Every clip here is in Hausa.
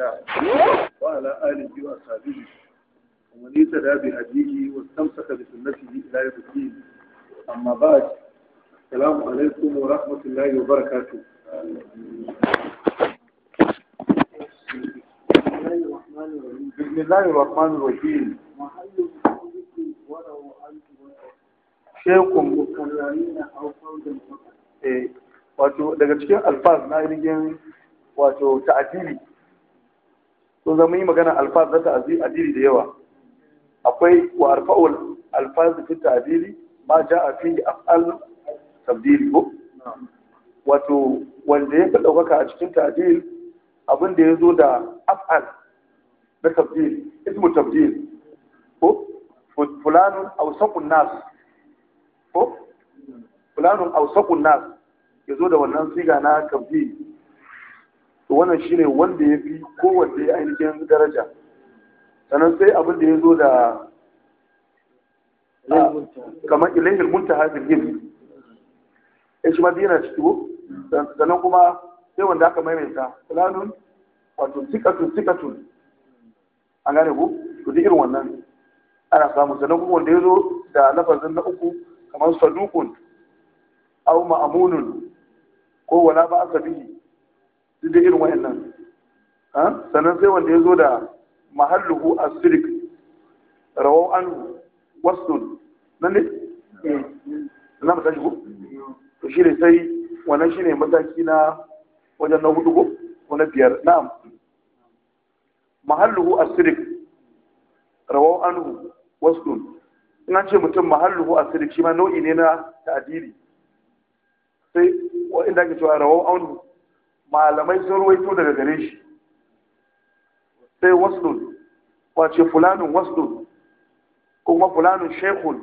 الله وعلى آله وأصحابه ومن اهتدى بهديه واستمسك بسنته إلى يوم الدين أما بعد السلام عليكم ورحمة الله وبركاته بسم الله الرحمن الرحيم شيخ مكررين أو فوضى wato daga cikin alfaz na ainihin wato ta'adili kun zama yi magana alfaz na ta'adili da yawa akwai wa arfa'ul alfaz fi ta'adili ma a fi af'al tabdili ko wato wanda ya fi ɗaukaka a cikin ta'adil abin da ya zo da af'al na tabdil ismu tabdil ko fulanun ausakun nas ko fulanun ausakun nas ya zo da wannan siga na tabdil to wannan ne wanda ya fi kowanne ainihin daraja sannan sai abin da ya zo da kamar ilayhil muntaha bil ilm eh shi ma yana ciki sannan kuma sai wanda aka maimaita fulanun wato tikatun tikatun an gane ku to duk irin wannan ana samu sannan kuma wanda ya zo da lafazin na uku kamar sadukun au ma'amunun ko wala ba aka bihi duk da irin wayannan sannan sai wanda ya zo da mahalluhu asirik rawau anhu wasun nan ne na eh. mata shi ko to shi ne sai wannan shi ne mataki na wajen na hudu ko wani biyar na'am mahalluhu asirik rawau anhu wasun in an ce mutum mahalluhu asirik shi ma nau'i ne na ta'adili sai inda ake cewa rawau anhu malamai sun ruwaito daga gare shi sai waslun wace fulanin waslun ko kuma fulanin shekul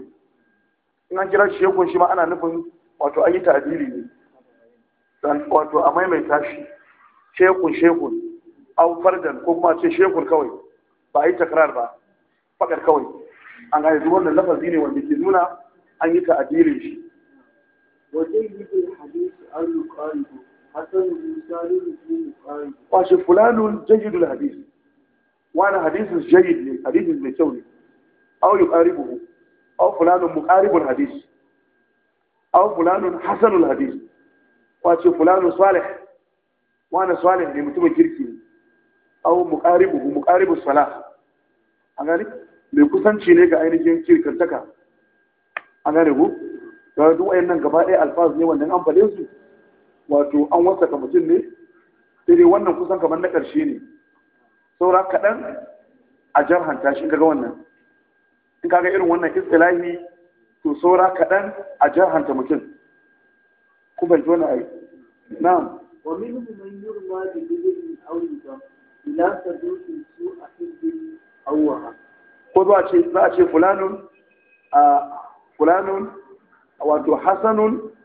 in an kira shekul shi ma ana nufin wato an yi tadiri ne wato a maimaita shi shekul shekul au fardan ko kuma ce shekul kawai ba a yi takarar ba fakar kawai an gane duk wannan lafazi ne wanda ke nuna an yi ta'adilin shi wajen yi hadisi an yi ƙari kwashe fulanun jayidul hadisi. wani hadisin jayid ne hadisin mai kyau ne au yi ƙaribu au fulanun muƙaribul hadisi. au fulanun hasanul hadisi. kwace fulanun salih wani salih ne mutumin kirki ne au muƙaribu muƙaribul Sala. a gani mai kusanci ne ga ainihin kirkantaka a gani ku da duk nan gaba ɗaya alfazu ne wannan an fale su wato an wasaka mutum ne sai dai wannan kusan kamar na ƙarshe ne saura kaɗan a jarhanta shi kaga wannan in kaga irin wannan istilahi to saura kaɗan a jarhanta mutum ku fahimci wannan ai na'am wa minhum man yurma bi bidin aw yudam ila saduqi su a hibbi awwa ko zuwa a ce za a ce fulanun a fulanun wato hasanun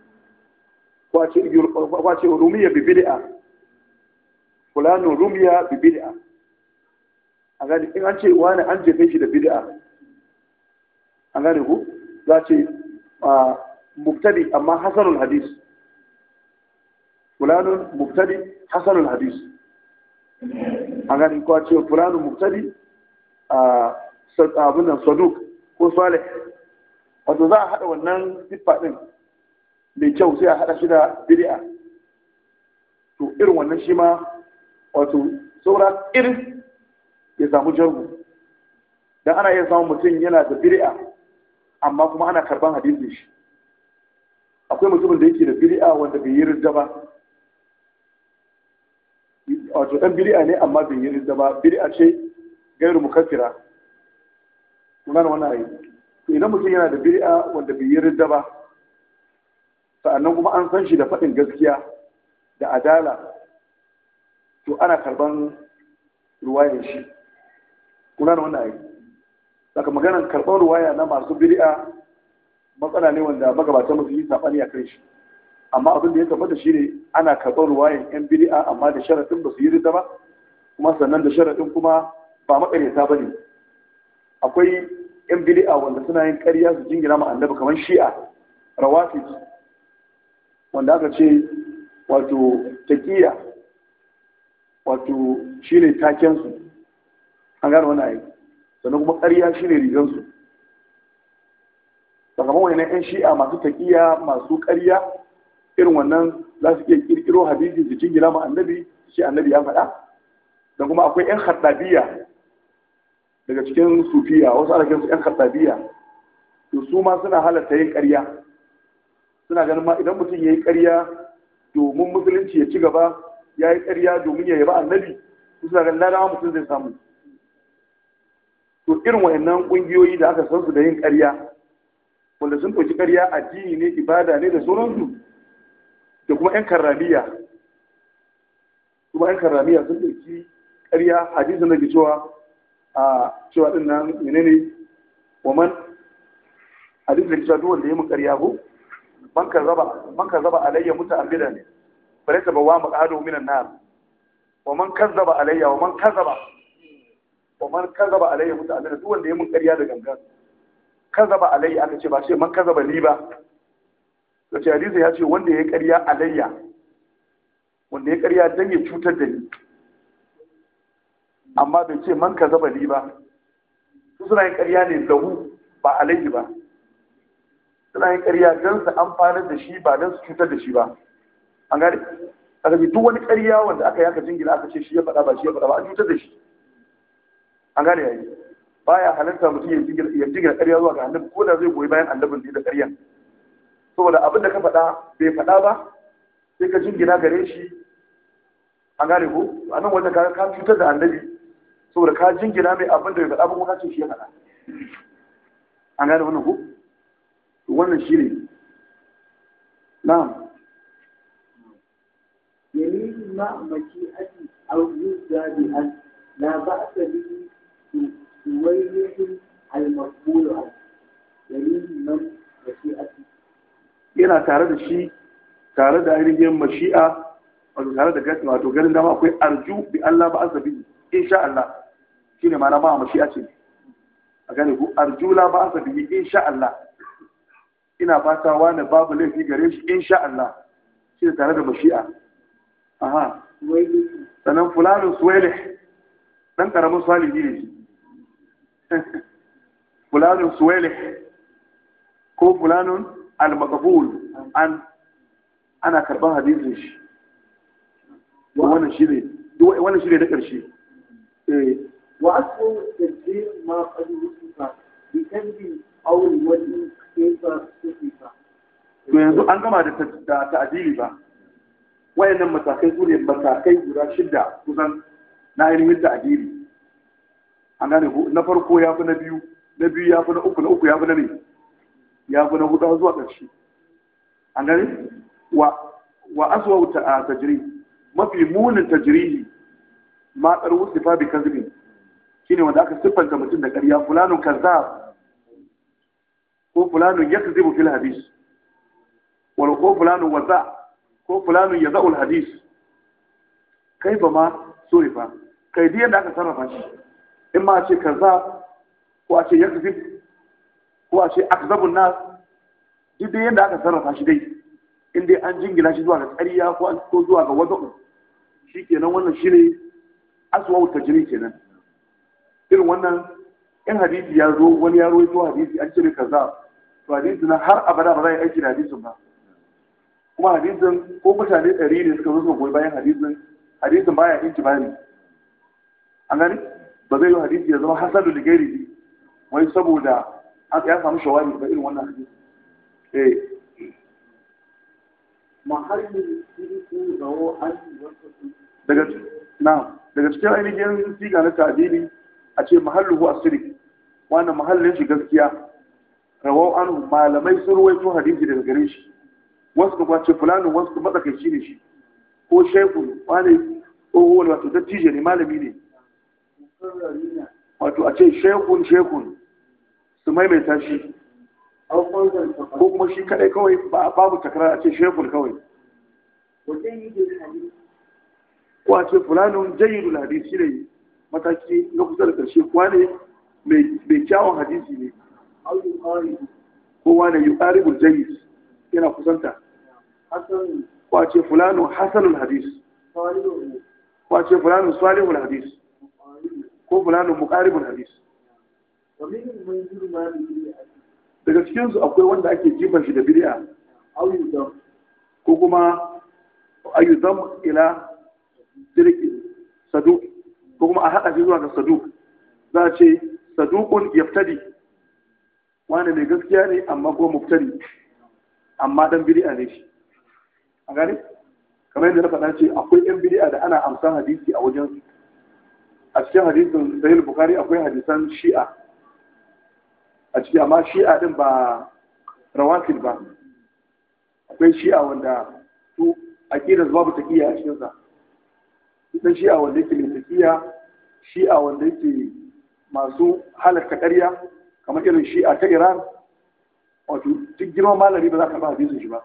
kwace rumiya bibida fulano rumiya bibida a gani in an ce wani an jefe shi da bid'a a gani ku za ce muktadi amma hasanul hadis fulanun muktadi hasanul hadis a gani kwace ce fulanun muktadi a abin saduk ko salih wato za a haɗa wannan siffa ɗin mai kyau sai a haɗa shi da bid'a to irin wannan shi ma wato saura irin ya samu jargu dan ana iya samun mutum yana da bid'a amma kuma ana karban hadisin shi akwai mutumin da yake da bid'a wanda bai yi rida ba wato dan bid'a ne amma bai yi rida ba bid'a ce gairu mukaffira kuma wannan ayi to idan mutum yana da bid'a wanda bai yi rida ba sa'annan kuma an san shi da faɗin gaskiya da adala to ana karban ruwayar shi kuna da wannan ayi saka maganar karban ruwaya na masu biri'a, matsala ne wanda magabata masu yi saɓani a kan shi amma abin da ya tabbata ne ana karɓar ruwayan yan biri'a, amma da sharaɗin ba su yi rita ba kuma sannan da sharaɗin kuma ba makareta ne. akwai yan biri'a wanda suna yin ƙarya su jingina ma annabi kamar shi'a rawatib wanda aka ce wato taƙiya wato shi ne takensu an gane wani ayi sannan kuma ƙarya shi ne rigansu sakamakon wani 'yan shi'a masu taƙiya masu ƙarya irin wannan za su iya ƙirƙiro hadisi su jingina ma annabi shi annabi ya faɗa da kuma akwai 'yan haɗabiya daga cikin sufiya wasu alakinsu ƴan 'yan haɗabiya to su ma suna halatta yin ƙarya suna ganin ma idan mutum ya yi ƙarya domin musulunci ya ci gaba ya yi ƙarya domin ya yaba annabi suna ganin ladawa mutum zai samu to irin wayannan ƙungiyoyi da aka san su da yin ƙarya wanda sun ɗauki ƙarya addini ne ibada ne da sauransu da kuma ƴan karramiya kuma ƴan karramiya sun ɗauki ƙarya hadisin da ke cewa a cewa ɗin nan menene waman hadisin da ke cewa duk wanda ya yi mun ƙarya ko man kazzaba man kazzaba alayya muta'ammidan falaysa bawamu ahadu minan nar wa man kazzaba alayya wa man kazzaba wa man kazzaba alayya muta'ammidan duk wanda ya mun ƙarya da gangan kazzaba alayya aka ce ba sai man kazzaba ni ba to ce hadisi ya ce wanda ya ƙarya alayya wanda ya ƙarya dan ya cutar da ni amma bai ce man kazzaba ni ba su suna yin ƙarya ne lahu ba alayhi ba suna yin ƙarya don su amfanar da shi ba don su cutar da shi ba an gane aka ce duk wani ƙarya wanda aka yaka jingina aka ce shi ya faɗa ba shi ya faɗa ba a cutar da shi an gane yayi baya halarta mutum ya jingina ƙarya zuwa ga annabi ko da zai goyi bayan annabin da ƙaryan saboda abin da ka faɗa bai faɗa ba sai ka jingina gare shi an gane ko a nan wanda ka cutar da annabi saboda ka jingina mai abin da bai faɗa ba kuma ka ce shi ya faɗa an gane wannan ko wannan shi ne na. dalilin ma'amaki aji auzu zabi an na ba su wani yankin almakulu a dalilin man mashi aji yana tare da shi tare da ainihin mashi'a wato tare da gasi wato ganin dama akwai arju bi Allah ba asabi insha Allah shine ma'ana ba mashi'a ce a gane ku arju la ba asabi insha Allah ina fata wani babu laifi gare shi insha Allah shi da tare da mashi'a aha sanan fulani suwaile dan karamin salihi ne shi fulani suwaile ko Fulanun al-maqbul an ana karban hadisin shi wannan shi ne wannan shi ne da karshe eh wa asu tadbir ma qad yusufa bi tanbi aure wani kefa sufifa to yanzu an gama da ta'adili ba wayannan matakai su ne matakai guda shida kusan na ainihin ta'adili an gane na farko ya fi na biyu na biyu ya fi na uku na uku ya fi na ne ya fi na hudu zuwa ƙarshe an gane wa wa aswa ta tajri mafi munin tajrihi ma tsarwu sifa bi Shi shine wanda aka siffanta mutum da ƙarya fulanun kazzab ko fulanun ya kazibu fil hadis wani ko fulanun waza ko fulanun ya za'ul hadis kai ba ma surifa kai diyan da aka sarrafa shi in ma ce kaza ko a ce ya kazib ko a ce akzabun na? duk dai yanda aka sarrafa shi dai Inda an jingina shi zuwa ga ƙarya ko zuwa ko zuwa ga shi kenan wannan shine aswa tajri kenan irin wannan in hadisi ya zo wani ya rawaito hadisi an ce kaza to hadisin nan har abada ba za a yi aiki da hadisin ba kuma hadisin ko mutane ɗari ne suka zo suka goyi bayan hadisin hadisin baya inci bani an gani ba zai yi hadisi ya zama hasadu ligari wai saboda ya samu shawari ba irin wannan hadisi eh mahallin sirri da wa'azi daga na daga cikin ainihin siga na tabili a ce mahalluhu asiri wannan mahallin shi gaskiya rawau an malamai sun ruwaito hadisi daga gare shi wasu kuma ce fulani wasu kuma matsakaici ne shi ko shaiku wani tsoho wato dattijo ne malami ne wato a ce shaikun shaikun su maimaita shi ko kuma shi kadai kawai babu takara a ce shaikun kawai ko a ce fulanin jayyidul hadisi ne mataki na kusa da karshe kwane mai kyawun hadisi ne kowa ne yuqaribul jayyid yana kusanta hasan ko ce fulanu hasanul hadis ko ce fulanu salihul hadis ko fulanu muqaribul hadis daga cikinsu akwai wanda ake jifan shi da biri'a, bid'a ko kuma ayyuzam ila jirgin saduq ko kuma a haɗa shi zuwa ga saduq za a ce saduqun yaftadi wani mai gaskiya ne amma ko muftari amma dan bid'a ne shi a gane kamar yadda na faɗa ce akwai yan bid'a da ana amsan hadisi a wajen a cikin hadisin sahih bukhari akwai hadisan shi'a a ciki amma shi'a din ba rawatib ba akwai shi'a wanda su aqidar babu taqiya a cikin sa dan shi'a wanda yake mai taqiya shi'a wanda yake masu halarta ƙarya kamar irin a ta iran wato duk girman malami ba za ka ba hadisin shi ba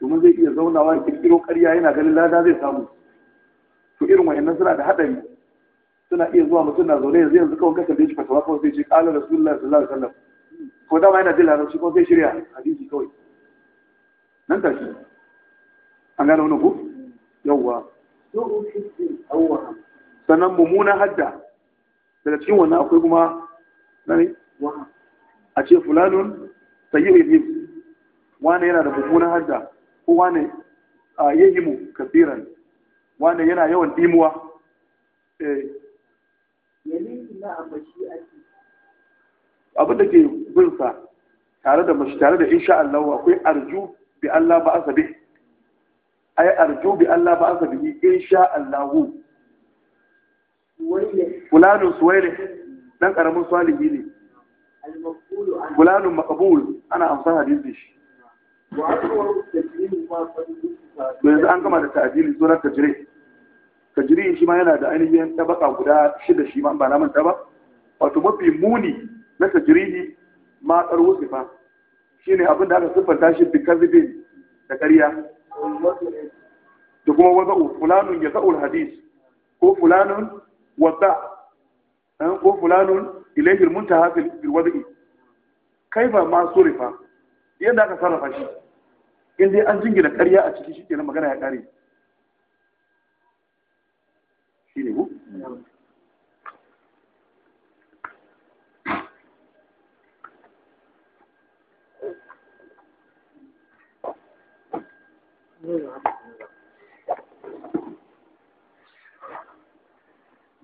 domin zai iya zaunawa ya kirkiro ƙarya yana ganin lada zai samu to irin wayannan suna da haɗari suna iya zuwa mutum na zaune yanzu yanzu kawai kasance shi fatawa kawai zai ce da rasulullah sallallahu alaihi wasallam ko dama yana jin larabci ko zai shirya hadisi kawai nan tashi an gane wani ku yawwa sannan mummunan hadda daga cikin wannan akwai kuma a ce fulanun yi ibn wani yana da mummunan hadda ko wani mu kafiran wani yana yawan dimuwa eh abin da ke bin tare da mashi tare da insha Allah akwai arju bi Allah ba asabi ai arju bi Allah ba asabi insha Allah fulanun suwaile dan karamin salihi ne gulanun makabul ana amsar hadisin shi yanzu an gama da ta'adili sunan tajiri tajiri shi ma yana da ainihin tabaka guda shida shi ma ba na wato mafi muni na tajiri ma tsaro sifa shine abin da aka siffanta shi bi kazibin da ƙarya da kuma waza'u fulanun ya za'ul hadis ko fulanun wata ko fulanun ilaihi almuntaha fil wadi kaifa ma surifa yadda aka sarrafa shi in dai an jingina karya a ciki shikenan magana ya ƙare shine ku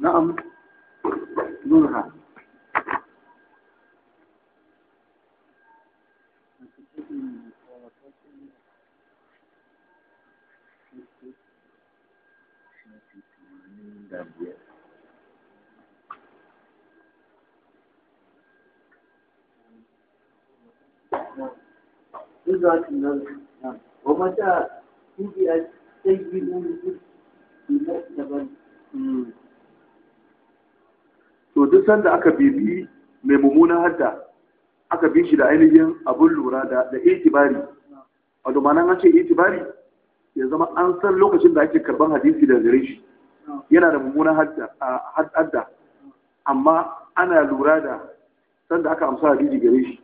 نعم نورها nan duniya hmm. duk sanda aka bibi mai mummunan hadda aka bi shi da ainihin abun lura da da itibari wato ma'anar an ce itibari ya zama an san lokacin da ake karban hadisi da gare shi yana da mummunan hadda amma ana lura da sanda aka amsa hadisi gare shi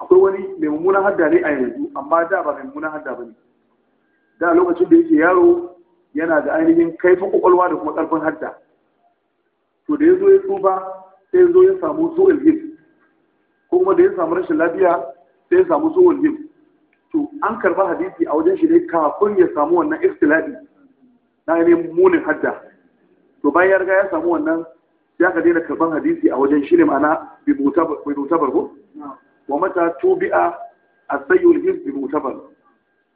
akwai wani mai mummunan hadda ne a yanzu amma da ba mai mummunan hadda ba ne da lokacin da yake yaro yana da ainihin kaifin kwakwalwa da kuma karfin hadda to da ya zo ya tsufa sai ya zo ya samu zuwan him ko kuma da ya samu rashin lafiya sai ya samu zuwan him to an karba hadisi a wajen shi ne kafin ya samu wannan istiladi na ainihin munin hadda to bayan ya riga ya samu wannan ya ka daina karban hadisi a wajen shirin ana bi mutabar wa mata tubi'a a sayyul his bi mutabar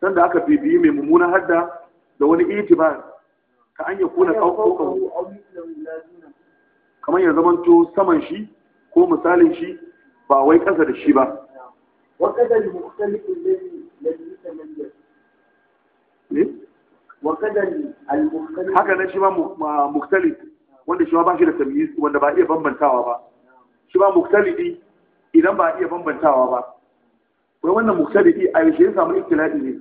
sanda aka bibiyi mai mummunan hadda da wani itibar ka an yakuna qawqahu kamar ya zamanto saman shi ko misalin shi ba wai kasa da shi ba wa haka nan shi ma muktali wanda shi ma ba shi da tamyiz wanda ba iya bambantawa ba shi ma muktali idan ba iya bambantawa ba wai wannan muktali a yashe ya samu ibtila'i ne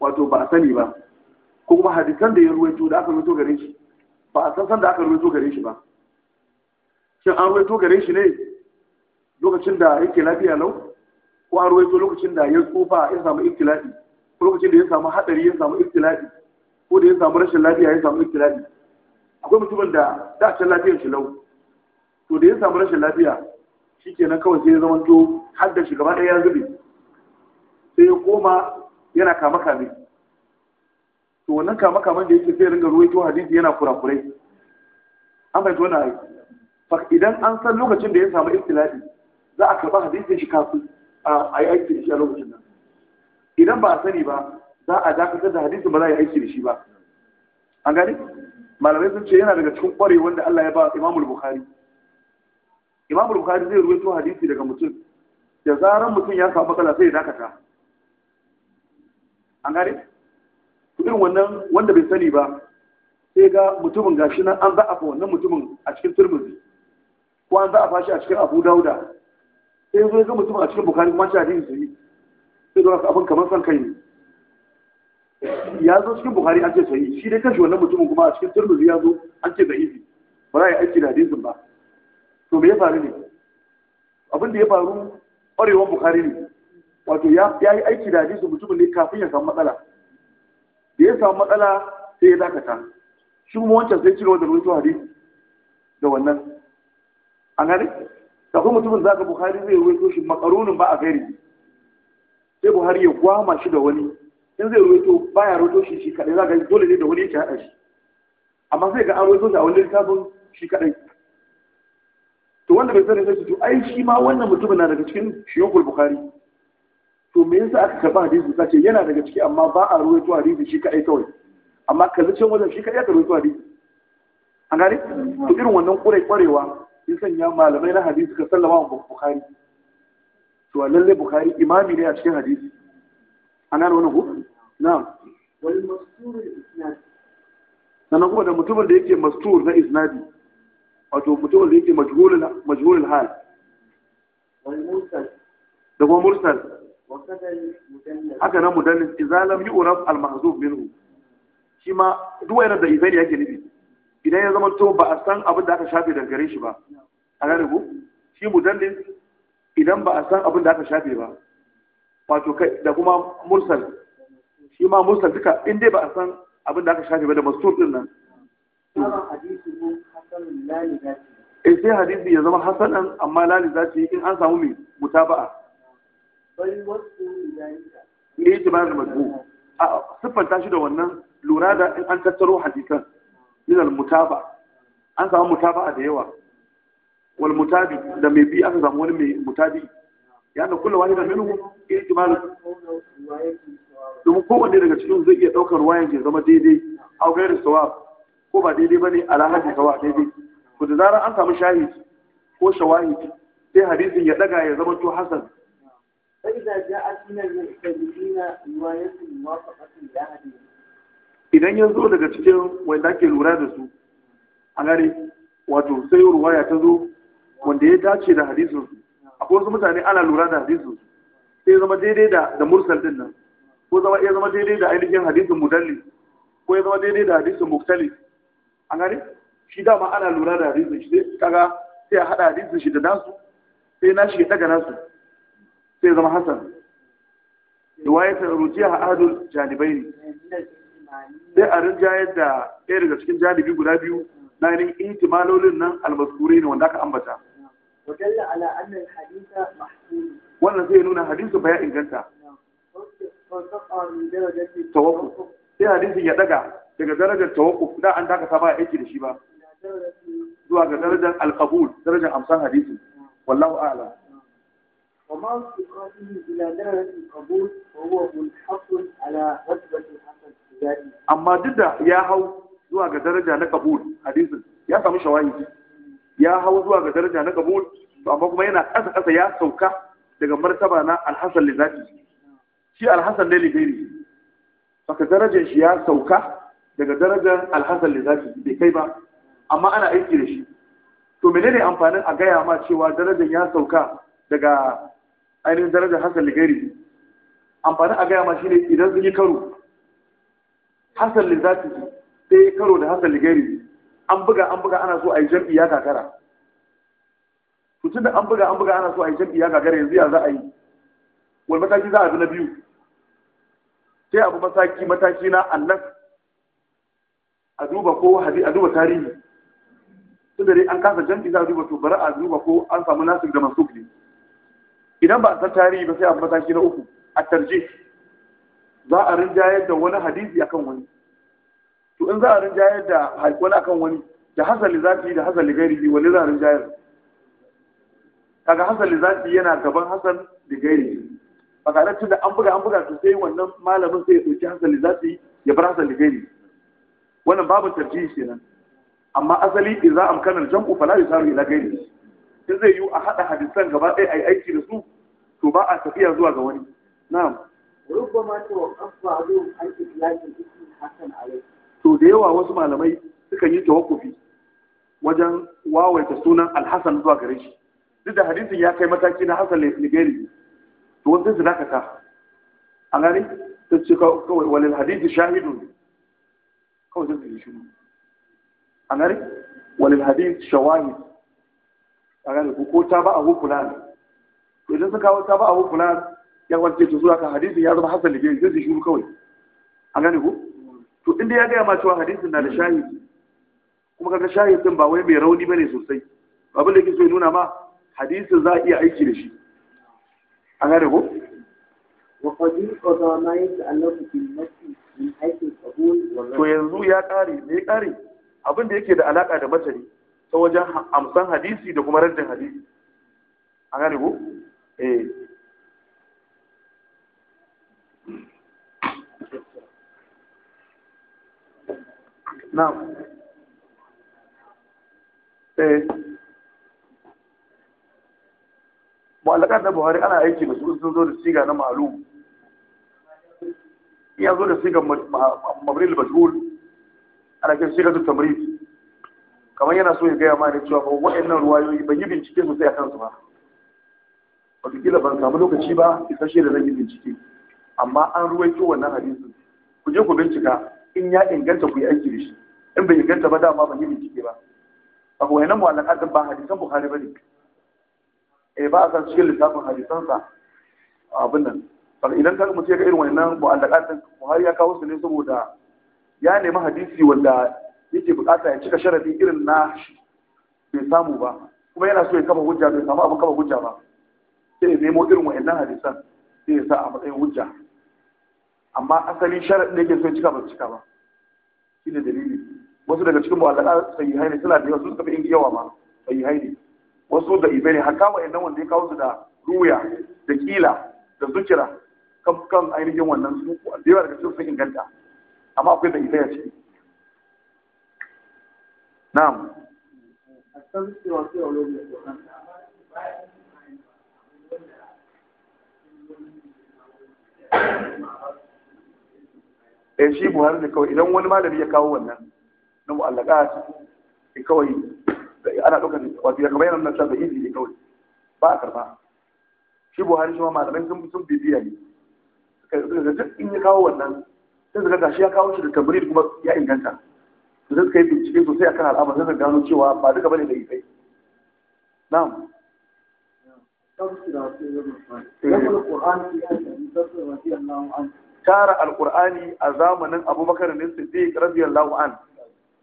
wato ba a sani ba ko kuma hadisan da ya ruwaito da aka ruwaito gare shi ba a san san da aka ruwaito gare shi ba shin an ruwaito gare shi ne lokacin da yake lafiya lau ko an ruwaito lokacin da ya tsufa ya samu ibtila'i lokacin da ya samu haɗari ya samu iftilafi ko da ya samu rashin lafiya ya samu iftilafi akwai mutumin da da can lafiyar shi lau to da ya samu rashin lafiya shi shikenan kawai sai ya zama to haddar shi gaba ɗaya ya zube sai ya koma yana kama kame to wannan kama kaman da yake sai ya ringa to hadisi yana kurakurai an fahimta wannan ayi fa idan an san lokacin da ya samu iftilafi za a karɓa hadisin shi kafin a yi aiki da shi a lokacin nan idan ba a sani ba za a dakatar da hadisin ba za a yi aiki da shi ba an gani malamai sun ce yana daga cikin kware wanda Allah ya ba Imamul Bukhari Imamul Bukhari zai ruwaito hadisi daga mutum da zaran mutum ya samu matsala sai ya dakata an gani to irin wannan wanda bai sani ba sai ga mutumin gashi nan an za'afa wannan mutumin a cikin turmuzi, ko an za'afa shi a cikin Abu Dauda sai zo ga mutumin a cikin Bukhari kuma shi hadisi sai dora abin kamar san kai ne ya zo cikin buhari an ce sai shi dai kashi wannan mutumin kuma a cikin turmi ya zo an ce zaifi ba za a yi aiki da hadisin ba to me ya faru ne abin da ya faru ƙwarewar buhari ne wato ya yi aiki da hadisin mutumin ne kafin ya samu matsala da ya samu matsala sai ya dakata shi kuma wancan sai cigaba da rubutu hadisi da wannan an gane kafin mutumin zaka buhari zai rubuto shi makarunin ba a gairi sai buhari ya gwama shi da wani in zai roto baya roto shi shi kadai za ga dole ne da wani yake haɗa shi amma sai ga an roto shi a wani littafin shi kadai to wanda bai sani sai to ai shi ma wannan mutumin na daga cikin shiyokul bukhari to me yasa aka karba hadisi sace yana daga ciki amma ba a roto hadisi shi kadai kawai amma kaza can wajen shi kadai aka roto hadisi an gane to irin wannan kurai kwarewa sun sanya malamai na hadisi suka sallama wa bukhari cewa lalle bukhari imami ne a cikin hadisi ana da wani ku Na. wani masturul kuma da mutumin da yake mastur na isnadi wato mutumin da yake majhulul hal da kuma mursal haka nan mudannis idza yi uraf al mahzuf minhu shi ma duk wani da ibadi yake nufi idan ya zama to ba a san abin da aka shafe daga shi ba a gane ku shi mudannis idan ba a san abin da aka shafe ba wato kai da kuma mursal shi ma mursal duka in dai ba a san abin da aka shafe ba da mastur din nan in eh, sai hadisi ya zama hasanan amma lali zati in an samu mai mutaba'a bal ne ya bayan da madbu a siffanta shi da wannan lura da in an tattaro hadisan min mutaba an samu mutaba'a da yawa wal mutabi da mai bi aka samu wani mai mutabi ya da kullu wahida minhum kowanne daga cikin zai iya daukar wayan ya zama daidai au gairu sawab ko ba daidai bane ala hadi sawab daidai ko da zarar an sami shahid ko shawahid sai hadisin ya daga ya zama to hasan idan ya zo daga cikin wanda ake lura da su a gare wato sai ruwaya ta zo wanda ya dace da hadisun su akwai wasu mutane ana lura da hadisun su sai zama daidai da da mursal din nan ko zama ya zama daidai da ainihin hadisun mudalli ko ya zama daidai da hadisun muktali an gane shi dama ana lura da hadisun shi kaga sai a hada hadisun shi da nasu sai nashi ya daga nasu sai zama hasan riwayatar rujiya a adul janibai ne sai a rinjayar da ɗaya daga cikin janibi guda biyu na yanin ihtimalolin nan almaskure ne wanda aka ambata wannan zai nuna hadisu ba ya inganta tawakku sai hadisin ya daga daga darajar tawakku da an dakata ba aiki da shi ba zuwa ga darajar alqabul darajar amsan hadisin wallahu a'lam وما استقامه إلى درجة القبول فهو منحص على رتبة الحسن الزيادي أما ضد يا هو zuwa ga daraja na kabul hadisin ya samu shawahidi ya hau zuwa ga daraja na kabul to amma kuma yana ƙasa ƙasa ya sauka daga martaba na alhassan lizaki shi alhassan ne liberi baka darajar shi ya sauka daga darajar alhassan lizaki bai kai ba amma ana aiki da shi to menene amfanin a gaya ma cewa darajar ya sauka daga ainihin darajar hassan ligari amfanin a gaya ma shine idan sun yi karo hassan lizaki sai karo da hassan ligari an buga an buga ana so a yi jam'i ya kakara to tun da an buga an buga ana so a yi jam'i ya gagara yanzu ya za a yi wani mataki za a bi na biyu sai abu mataki mataki na annas a duba ko hadi a duba tarihi tun da dai an kasa jam'i za a duba to bari a duba ko an samu nasir da masu ne idan ba a san tarihi ba sai abu mataki na uku a tarje za a rinjayar da wani hadisi akan wani to in za a rinjayar da wani akan wani da hasali zafi da hasali gari wani za a rinjayar kaga hasan lizati yana gaban hasan da gairi kaga da tunda an buga an buga to sai wannan malamin sai ya dauki hasan lizati ya bar hasan da gairi wannan babu tarjihi kenan amma asali idza amkana al-jam'u fala yusaru ila gairi in zai yi a hada hadisan gaba ɗaya yi aiki da su to ba a tafiya zuwa ga wani na'am ربما توقف بعضهم عن إطلاق الاسم hasan alai to da yawa wasu malamai sukan yi tawakkufi wajen wawaita sunan alhassan zuwa gare shi duk da hadisin ya kai mataki na hasan ligari to wasu su dakata a gani ta ce kawai walil hadisi shahidun kawai zai yi shi a gani walil hadisi shawahid a gani ko ta ba a hukula ne to idan suka kawo ta ba a hukula ya wance ta zuwa ka hadisin ya zama hasan ligari zai yi shi kawai a gani ko to inda ya gaya ma cewa hadisin na da shahidi kuma kaga shahidin ba wai mai rauni bane sosai abin da yake so ya nuna ma hadisin za a iya aiki da shi an gane ko to yanzu ya kare me kare abin da yake da alaƙa da matari ta wajen amsan hadisi da kuma rajin hadisi an gane ko eh na'am eh mu'allakan da buhari ana aiki da su sun zo da siga na malu ya zo da siga mabril bashul ana kan siga su tamrid kamar yana so ya gaya ma ne cewa wa'annan ruwayoyi ban yi bincike sosai a kansu ba wataƙila ban samu lokaci ba isasshe da zai yi bincike amma an ruwaito wannan hadisu, ku je ku bincika in ya inganta ku yi aiki da shi in bai inganta ba dama ban yi bincike ba abu wainan mu'allakan ba hadisan buhari ba ne eh ba a san cikin littafin hadisansa abin nan idan ka mutu ya ga irin wannan mu'allaqatin Buhari ya kawo su ne saboda ya nemi hadisi wanda yake bukata ya cika sharadi irin na shi bai samu ba kuma yana so ya kafa hujja bai samu abin kafa hujja ba sai ya nemo irin wannan hadisan sai ya sa a matsayin hujja amma asali sharadin da yake so ya cika ba cika ba shine dalili wasu daga cikin mu'allaka sahihai ne suna da yawa sun kafa yawa ma sahihai ne wasu da ibe ne hatta wa'annan wanda ya kawo su da ruya da kila da zukira kan kan ainihin wannan su da yawa daga cikin sun inganta amma akwai da ibe ya ciki na'am eh shi buhari ne kawai idan wani malami ya kawo wannan na mu'allaka kawai ana ɗaukar wato ya kamar yana nan cewa da izi kawai ba a karɓa shi buhari shi ma malamai sun sun bibiya ne ga duk in ya kawo wannan sai suka gashi ya kawo shi da tambarin kuma ya inganta to sai suka yi bincike sosai akan al'amar sai suka gano cewa ba duka bane da isai na'am tara alqur'ani a zamanin abubakar ne siddiq radiyallahu anhu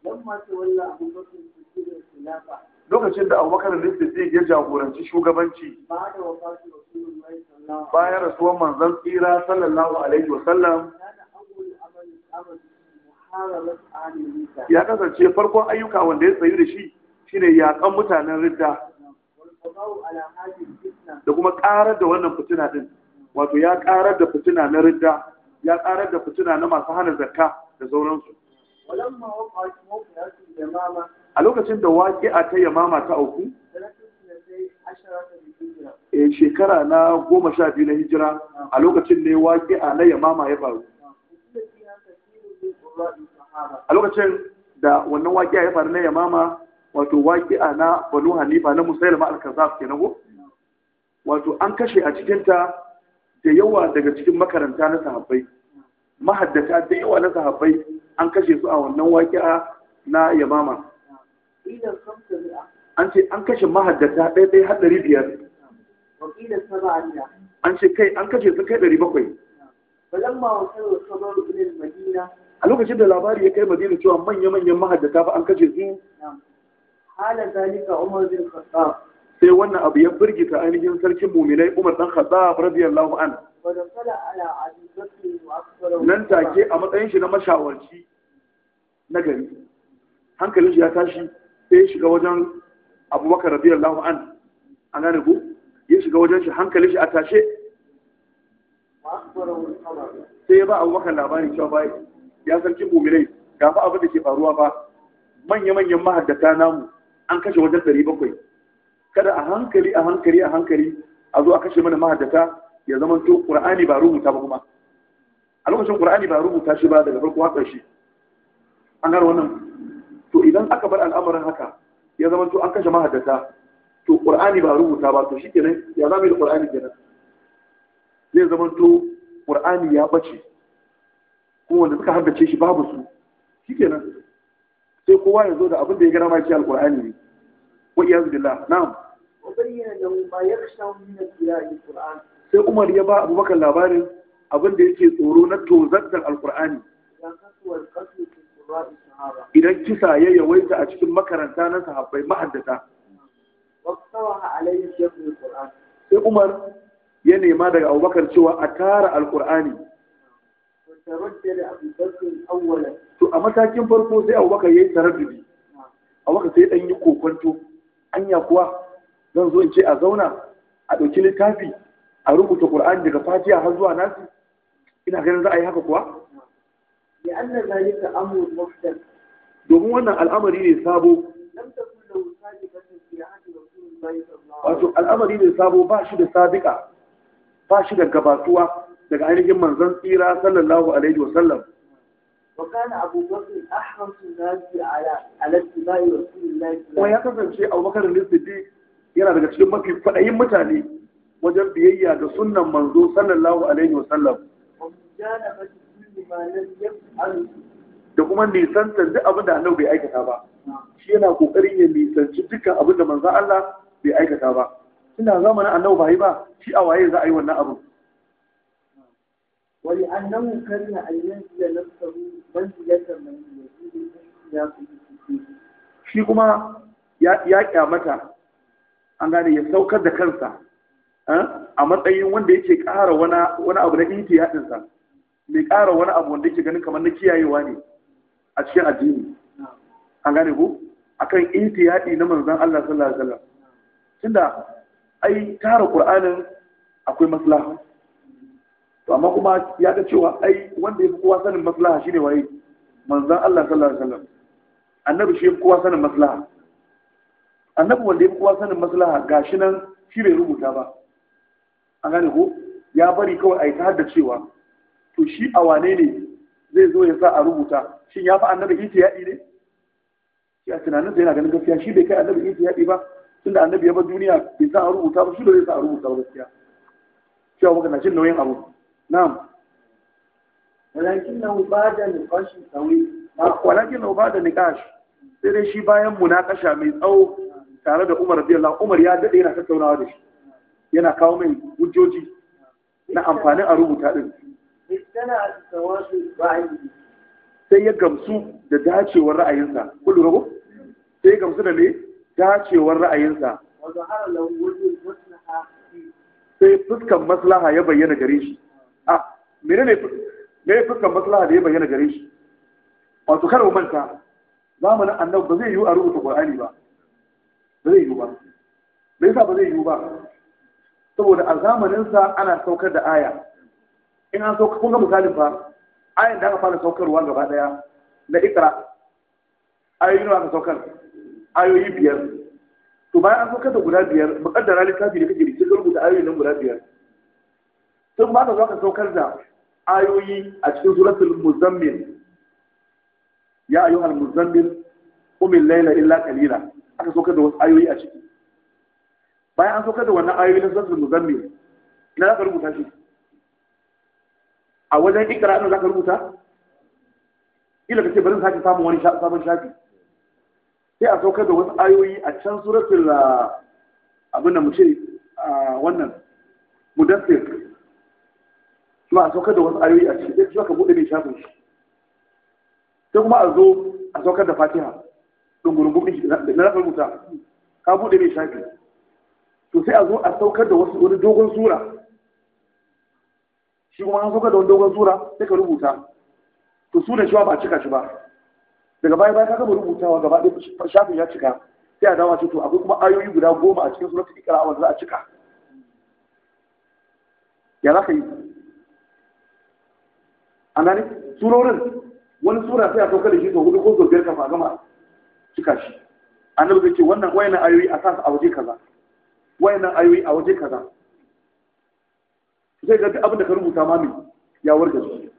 lamma tawalla abubakar lokacin da abubakar al zai ya jagoranci shugabanci bayan rasuwan manzan tsira sallallahu alaihi wa sallam ya kasance farkon ayyuka wanda ya tsayu da shi shine yakan mutanen ridda da kuma karar da wannan fitina din wato ya karar da fitina na ridda ya karar da fitina na masu hana zakka da sauransu walamma a lokacin da waƙi'a ta yamama ta auku e shekara na goma sha biyu na hijira a lokacin ne waƙi'a na yamama ya faru a lokacin da wannan waƙi'a ya faru na yamama wato waƙi'a na banu hanifa na musailama al ke kenan ko wato an kashe a cikinta da yawa daga cikin makaranta na sahabbai mahaddata da yawa na sahabbai an kashe su a wannan waƙi'a na yamama an ce an kashe mahaddata ɗaya ɗaya har ɗari biyar an ce kai an kashe su kai ɗari bakwai a lokacin da labari ya kai madina cewa manya-manyan mahaddata ba an kashe su sai wannan abu ya birgita ainihin sarkin muminai umar dan khattab radiyallahu an nan take a matsayin shi na mashawarci na gari hankalin shi ya tashi sai ya shiga wajen abubakar radiyallahu an an gane ku ya shiga wajen shi hankali shi a tashe sai ya ba abubakar labarin cewa bai ya san kin muminai ga fa abin da ke faruwa ba manya-manyan mahaddata namu an kashe wajen ɗari bakwai kada a hankali a hankali a hankali a zo a kashe mana mahaddata ya zama to qur'ani ba rubuta ba kuma a lokacin qur'ani ba rubuta shi ba daga farko haka shi an gara wannan to idan aka bar al'amarin haka ya zama to an kashe mahaddata to qur'ani ba rubuta ba to shikenan ya zama da qur'ani kenan zai zama to qur'ani ya bace ko wanda suka haddace shi babu su shikenan sai kowa ya zo da abin da ya gana ma shi alqur'ani ne wa iyaz billah na'am wa bayyana lahu ma yakhsha min al-qira'ati al-qur'an sai Umar ya ba Abubakar labarin abin da yake tsoro na tozartar alqur'ani ya kasu idan kisa ya yawaita a cikin makaranta na sahabbai mahaddata sai umar ya nema daga abubakar cewa a tara alkur'ani to a matakin farko sai abubakar ya yi taraddudi abubakar sai ɗan yi kokonto anya kuwa zan zo in ce a zauna a ɗauki littafi a rubuta ƙur'ani daga fatiha har zuwa nasi ina ganin za a yi haka kuwa لأن ذلك أمر محدث domin wannan al'amari ne sabo wato al'amari ne sabo ba shi da sabika ba shi da gabatuwa daga ainihin manzan tsira sallallahu alaihi wa sallam وكان أبو بكر أحرص الناس على على اتباع رسول الله صلى الله عليه yana daga cikin mafi faɗayin mutane wajen biyayya ga sunnan manzo sallallahu alaihi wa sallam da kuma Nisan duk abin da annabi bai aikata ba shi yana kokarin ya nisanci dukkan abin da manzon Allah bai aikata ba tunda zamanin annabi bai ba shi a waye za a yi wannan abu wali annahu ya ayyan da nafsahu manzilatan man yajidu ya shi kuma ya kyamata an gane ya saukar da kansa eh, a matsayin wanda yake ƙara wani abu na inti haɗinsa mai ƙara wani abu wanda ke ganin kamar na kiyayewa ne a cikin addini an gane ko akan yaɗi na manzon Allah sallallahu alaihi wasallam tunda ai tara Qur'anin akwai maslaha to amma kuma ya ga cewa ai wanda ya fi kowa sanin maslaha shine waye manzon Allah sallallahu alaihi wasallam annabi shi ya fi kowa sanin maslaha annabi wanda ya fi kowa sanin maslaha gashi nan shi bai rubuta ba an gane ko ya bari kawai a yi ta cewa. to shi a wane ne zai zo ya sa a rubuta shin ya fi annabi yaɗi ne shi a tunanin sa yana ganin gaskiya shi bai kai annabi yaɗi ba da annabi ya bar duniya bai sa a rubuta ba shi da zai sa a rubuta ba gaskiya shi a na jin nauyin abu na'am walakin na ubada nikash tsawi ah, walakin na ubada kashi sai dai shi bayan munakasha mai tsawo tare da Umar radiyallahu Umar ya dade yana tattaunawa da shi yana kawo mai hujjoji na amfanin a rubuta ɗin. sai ya gamsu da dacewar ra'ayinsa kun rago sai ya gamsu da me dacewar ra'ayinsa sai fuskan maslaha ya bayyana gare shi a ne me fuskan maslaha da ya bayyana gare shi wato kar manta zamanin annabi ba zai yiwu a rubuta qur'ani ba ba zai yiwu ba me yasa ba zai yiwu ba saboda a zamaninsa ana saukar da aya in an sauka kun ga misalin fa ayin da aka fara saukarwa gaba daya na ikra ayoyi nawa aka saukar ayoyi biyar to bayan an saukar da guda biyar muƙaddara littafi da kake da cikin rubuta ayoyi nan guda biyar tun ba ka zo ka saukar da ayoyi a cikin suratul muzammil ya ayyuhal muzammil umil laila illa qalila aka saukar da wasu ayoyi a ciki bayan an saukar da wannan ayoyi na suratul muzammil ina za ka rubuta shi a wajen ikira ɗin za ka rubuta ila ka ce bari sake samun wani sabon shafi sai a saukar da wasu ayoyi a can suratul ah, abin da mu ce a ah, wannan mudassir kuma a saukar da wasu ayoyi a ciki sai kuma ka buɗe mai shafin shi sai kuma a zo a saukar da fatiha gurin ɗin da na rafa rubuta ka buɗe mai shafi to sai a zo a saukar da wasu wani dogon sura shi kuma an sauka da wani dogon sura sai ka rubuta to su da shi ba cika shi ba daga baya baya ka gama rubutawa gaba ɗaya shafin ya cika sai a dawo ce to akwai kuma ayoyi guda goma a cikin suratul iqra wanda za a cika ya za ka yi an gane surorin wani sura sai a sauka da shi sau hudu ko sau biyar kafa a gama cika shi annabi zai ce wannan wayannan ayoyi a sa su a waje kaza wayannan ayoyi a waje kaza zai ga abin da ka rubuta ma ya warga su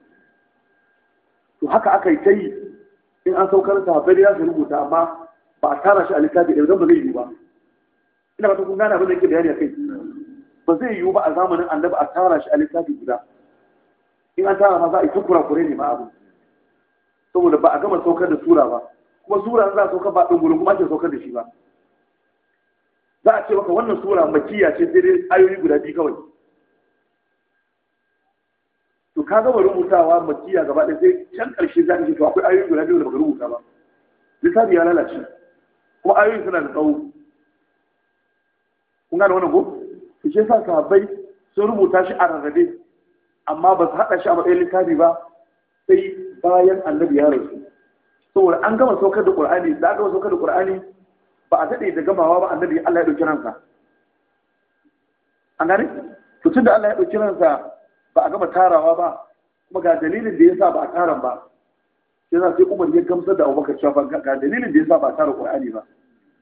to haka aka yi ta yi in an saukar ta habari ya rubuta amma ba a tara shi a littafi da ba zai yiwu ba ina fata kun gane abin da yake bayani a kai ba zai yiwu ba a zamanin annabi a tara shi a littafi guda in an tara ma za a yi tukura kure ne ma abu saboda ba a gama saukar da sura ba kuma sura za a saukar ba ɗungurin kuma ake saukar da shi ba za a ce maka wannan sura makiya ce sai dai ayoyi guda biyu kawai to ka gama rubutawa makiya gaba ɗaya sai can ƙarshe za ka ce to akwai ayoyi guda biyu da baka rubuta ba lissafi ya lalace kuma ayoyi suna da tsawo kun gane wannan ko to shi yasa sahabbai sun rubuta shi a rarrabe amma ba su haɗa shi a matsayin littafi ba sai bayan annabi ya rasu saboda an gama saukar da qur'ani da aka gama saukar da qur'ani ba a daɗe da gamawa ba annabi Allah ya ɗauki ransa an gane to tunda Allah ya ɗauki ransa ba a gama tarawa ba kuma ga dalilin da ya sa ba a taran ba sai sai umar ya gamsar da abubakar cewa ba ga dalilin da ya sa ba a tara qur'ani ba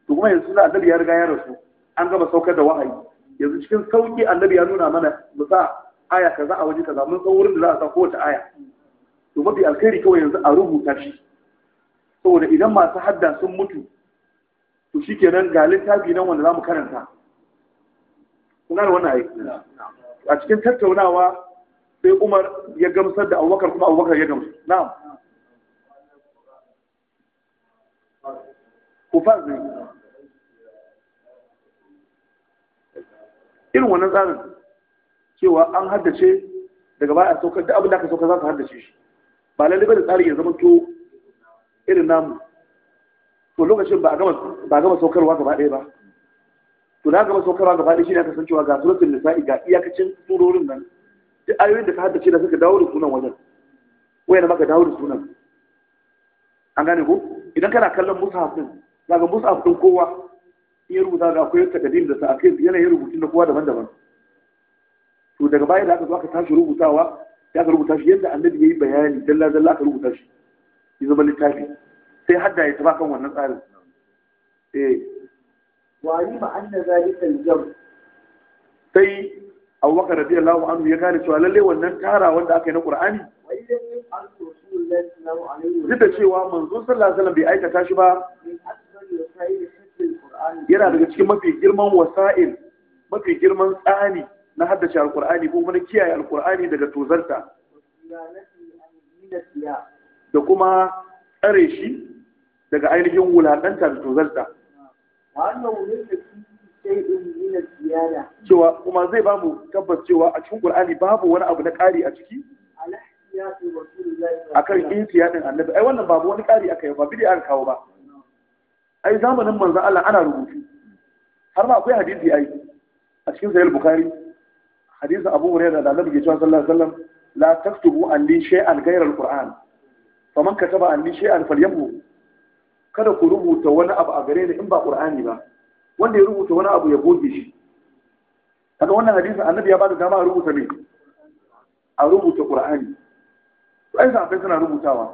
to kuma yanzu na annabi ya riga ya rasu an gama saukar da wahayi yanzu cikin sauki annabi ya nuna mana mu sa aya kaza a waje kaza mun san wurin da za a sa kowace aya to mafi alkhairi kawai yanzu a rubuta shi saboda idan masu hadda sun mutu to shikenan ga littafi nan wanda za mu karanta kuna da wannan aiki. a cikin tattaunawa sai umar ya gamsar da abubakar kuma abubakar ya gamsu na'am kufazi irin wannan tsarin cewa an haddace daga baya saukar da abin da aka saukar za su haddace shi ba lalibe da tsari ya zama to irin namu to lokacin ba a gama saukarwa gaba ɗaya ba to na gama saukarwa gaba ɗaya shi ne aka san cewa ga suratul nisa'i ga iyakacin turorin nan duk ayoyin da ka haddace da suka dawo da sunan wajen wayan maka dawo da sunan an gane ko idan kana kallon mushaf din daga mushaf din kowa in ya rubuta ga akwai takaddim da sa akai yanayin rubutun da kowa daban-daban to daga baya da aka zo aka tashi rubutawa ya ka rubuta shi yadda annabi ya yi bayani dalla dalla aka rubuta shi ya zama littafi sai hadda ya taba kan wannan tsarin eh wa alima anna zalika al-jam sai abubakar radiyallahu anhu ya gane cewa lalle wannan tara wanda aka yi na qur'ani duk da cewa manzo sallallahu alaihi wasallam bai aikata shi ba yana daga cikin mafi girman wasa'il mafi girman tsani na haddace alqur'ani ko kuma kiyaye alqur'ani daga tozarta da kuma tsare shi daga ainihin wulaƙanta da tozarta cewa kuma zai ba mu tabbas cewa a cikin Qur'ani babu wani abu na ƙari a ciki a akan intiyadin annabi ai wannan babu wani ƙari aka yi ba bidi an kawo ba ai zamanin manzan Allah ana rubutu har ma akwai hadisi ai a cikin sahih bukhari hadisin abu hurairah da annabi ke cewa sallallahu alaihi wasallam la taktubu an li shay'an ghayra al-qur'an faman kataba an li shay'an falyamhu kada ku rubuta wani abu a gare ni in ba qur'ani ba wanda ya rubuta wani abu ya goge shi kaga wannan hadisi annabi ya bada dama a rubuta ne, a rubuta qur'ani to ai sahabbai kana rubutawa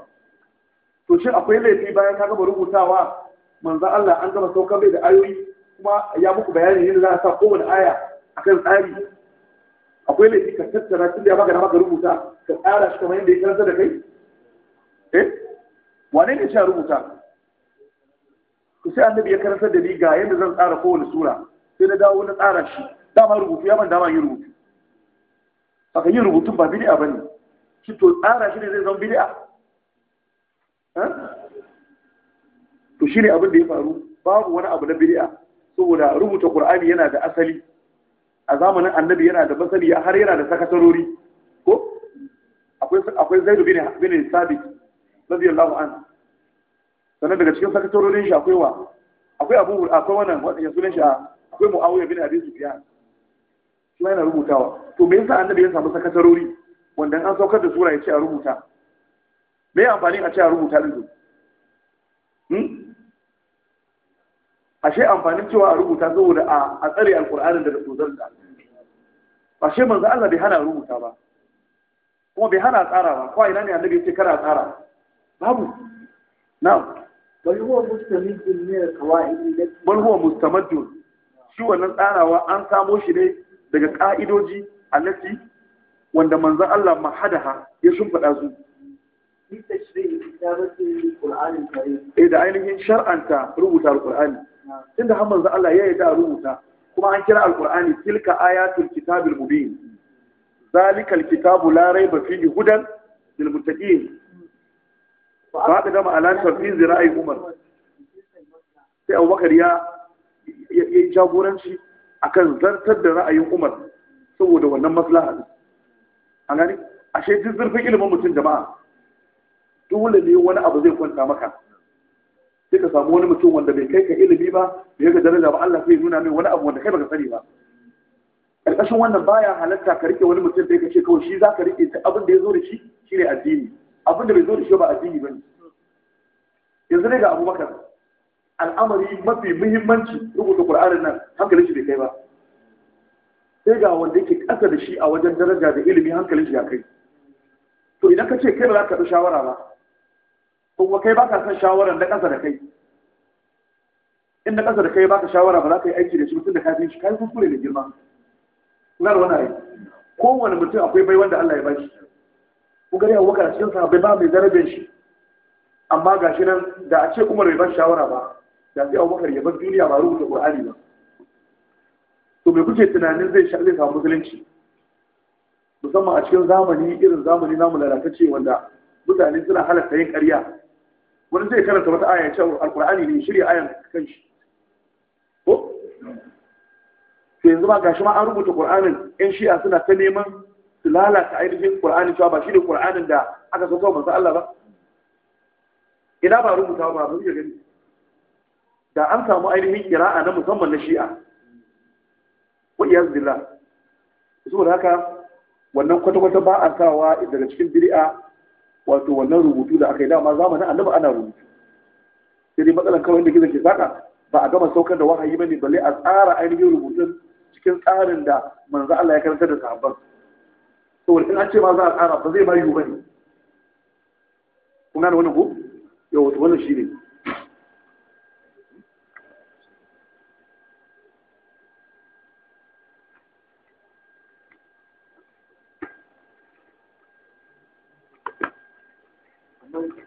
to shin akwai laifi bayan ka gama rubutawa manzo Allah an gama saukar bai da ayoyi kuma ya muku bayani yadda za a sa kowane aya akan tsari akwai laifi ka tattara tun da ya baka dama rubuta ka tsara shi kamar yadda ya karanta da kai eh wane ne ya rubuta sai annabi ya karanta da ni ga yadda zan tsara kowane sura sai na dawo na tsara shi dama rubutu ya man dama yin rubutu saka yin rubutun ba bid'a bane shi to tsara shi ne zai zama bid'a to ne abin da ya faru babu wani abu na bid'a saboda rubuta qur'ani yana da asali a zamanin annabi yana da basali har yana da sakatarori ko akwai akwai zaidu bin bin sabit radiyallahu anhu sannan daga cikin sakatorin shi akwai wa akwai abu akwai wannan wanda ya sunan shi akwai muawiya bin abi sufyan shi yana rubutawa to me yasa annabi ya samu sakatarori wanda an saukar da sura ya a rubuta me amfani a ce a rubuta din hmm ashe amfanin cewa a rubuta saboda a a tsare alqur'anin daga tozar da ashe manzo Allah bai hana rubuta ba kuma bai hana tsara ba kawai nan ne annabi ya ce kara tsara babu na'am bal huwa mustamiddun min alqawaid bal huwa mustamaddun shi wannan tsarawa an samo shi ne daga ka'idoji allati wanda manzon Allah mahadaha ya shimfida su Eh da ainihin shar'anta rubuta alqur'ani tunda har manzon Allah ya yarda rubuta kuma an kira alqur'ani tilka ayatul kitabil mubin zalikal kitabu la raiba fihi hudan lil muttaqin fa aka dama ala tafiz ra'ayi umar sai abubakar ya yi jagoranci akan zartar da ra'ayin umar saboda wannan maslaha ne an gani ashe duk zurfin ilimin mutum jama'a dole ne wani abu zai kwanta maka sai ka samu wani mutum wanda bai kai ka ilimi ba bai ga daraja ba Allah sai nuna mai wani abu wanda kai baka sani ba karkashin wannan baya halatta ka rike wani mutum da ka ce kawai shi za ka rike ta abin da ya zo da shi shine addini abin da bai zo da shi ba addini ba ne yanzu ne ga abubakar al'amari mafi muhimmanci rubuta ƙur'anin nan hankalin shi bai kai ba sai ga wanda yake ƙasa da shi a wajen daraja da ilimi hankalin shi ya kai to idan ka ce kai ba za ka ɗau shawara ba ko kuma kai ba ka son shawaran na ƙasa da kai in na ƙasa da kai ba ka shawara ba za ka yi aiki da shi mutum da fi shi kai kuskure da girma Na da wani ayi kowane mutum akwai bai wanda Allah ya bashi kun gani abubakar cikin sahabbai ba mai zarabin shi amma ga shi nan da a ce umar ban shawara ba da sai abubakar ya bar duniya ba rubuta qur'ani ba to me kuke tunanin zai sha zai samu musulunci musamman a cikin zamani irin zamani namu lalatacce wanda mutane suna halatta yin ƙarya wani zai karanta wata aya ya ce alqur'ani ne shirya ayan kan shi ko sai yanzu ma gashi ma an rubuta qur'anin yan shi'a suna ta neman su lalata ainihin Qur'ani cewa ba shi ne Qur'anin da aka so wa manzo Allah ba ina ba rubuta ba ba zai gani da an samu ainihin kira'a na musamman na Shi'a wa iyaz su saboda haka wannan kwata-kwata ba a sawa daga cikin diri'a wato wannan rubutu da aka yi dama zamanin annabi ana rubutu sai dai matsalan kawai da gizo ke saka ba a gama saukar da wahayi bane balle a tsara ainihin rubutun cikin tsarin da manzo Allah ya karanta da sahabbansa to in an ce ma za a ƙara ba zai ma yiwu ba kun gane wannan ku yau wata wannan shi ne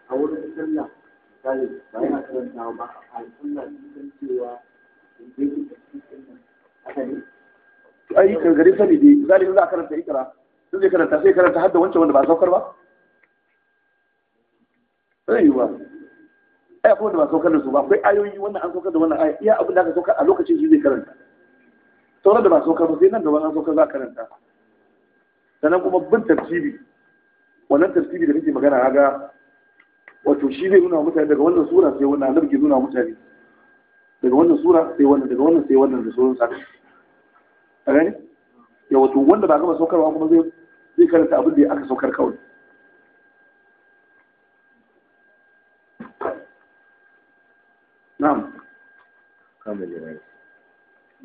a wurin sallah misali ba yana karanta ba a sallah sun cewa in dai kuka cikin nan haka ne ai kan gari sani dai misali za a karanta ikra in zai karanta sai karanta har wancan wanda ba saukar ba zai yi ba ai akwai wanda ba saukar da su ba akwai ayoyi wannan an saukar da wannan aya iya abin da aka saukar a lokacin shi zai karanta sauran da ba saukar ba sai nan da wani an saukar za a karanta sannan kuma bin tartibi wannan tartibi da nake magana ga, wato shi zai nuna mutane daga wannan sura sai wannan annabi ke nuna mutane daga wannan sura sai wannan daga wannan sai wannan da sauran sa a gani ya wato wanda ba ba saukarwa kuma zai zai karanta abin da ya aka saukar kawai na'am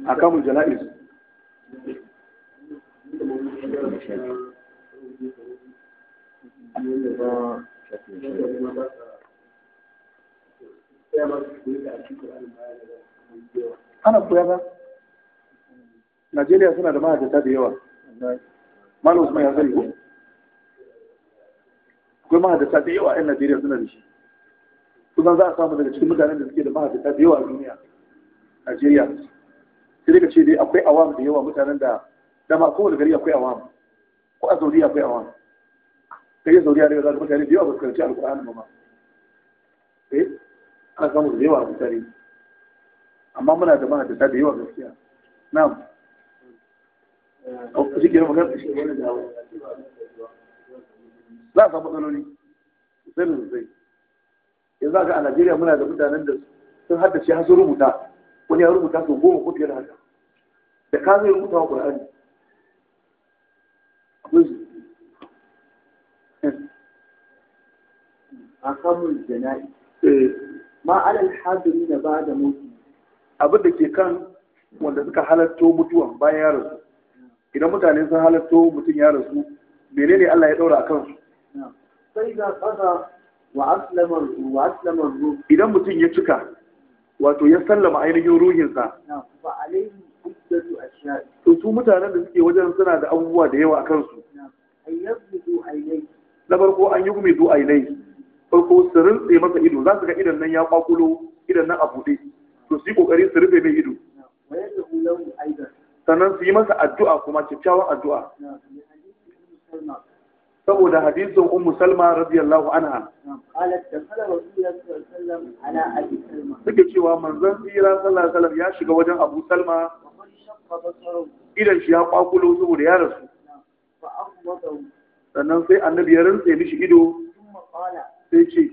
a kamun jana'iz ana koya ba najeriya suna da ma'aikata da yawa malam usman ya sani ko akwai mahadata da yawa yan najeriya suna da shi kusan za a samu daga cikin mutanen da suke da mahadata da yawa a duniya najeriya sai daga ce dai akwai awam da yawa mutanen da dama kowane gari akwai awam ko a saudiya akwai awam kai ya saudiya daga zaka mutane da yawa ba su karanci alkur'ani ba ma eh ana samu da yawa a mutane amma muna da mahadata da yawa gaskiya na'am ku oh, shi kira magana shi za a samu matsaloli sai da sosai yanzu haka a najeriya muna da mutanen da sun haddace har sun rubuta wani ya rubuta sau goma ko fiye da haka da ka zai rubuta wa ƙur'ani a kamun jana'i eh. ma alal hadiri na ba da mutu abin da ke kan wanda suka halatto mutuwan bayan ya rasu idan mutane sun halatto mutum ya rasu menene Allah ya daura a kansu sai da kaza wa aslama wa aslama idan mutum ya cika wato ya sallama ainihin ruhinsa fa alaihi iddatu ashiya to su mutanen da suke wajen suna da abubuwa da yawa a kansu ayyabdu ainai na farko an yi gumi zuwa ainai farko su rintse masa ido za su ga idan nan ya kwakulo idan nan a buɗe to su yi kokari su rufe mai ido wa yadda hulawu aidan sannan su yi masa addu'a kuma kyakkyawan addu'a saboda hadisin ummu salma radiyallahu anha suke cewa manzon tsira sallallahu alaihi ya shiga wajen abu salma idan shi ya kwakulo saboda ya rasu sannan sai annabi ya rantse mishi ido sai ce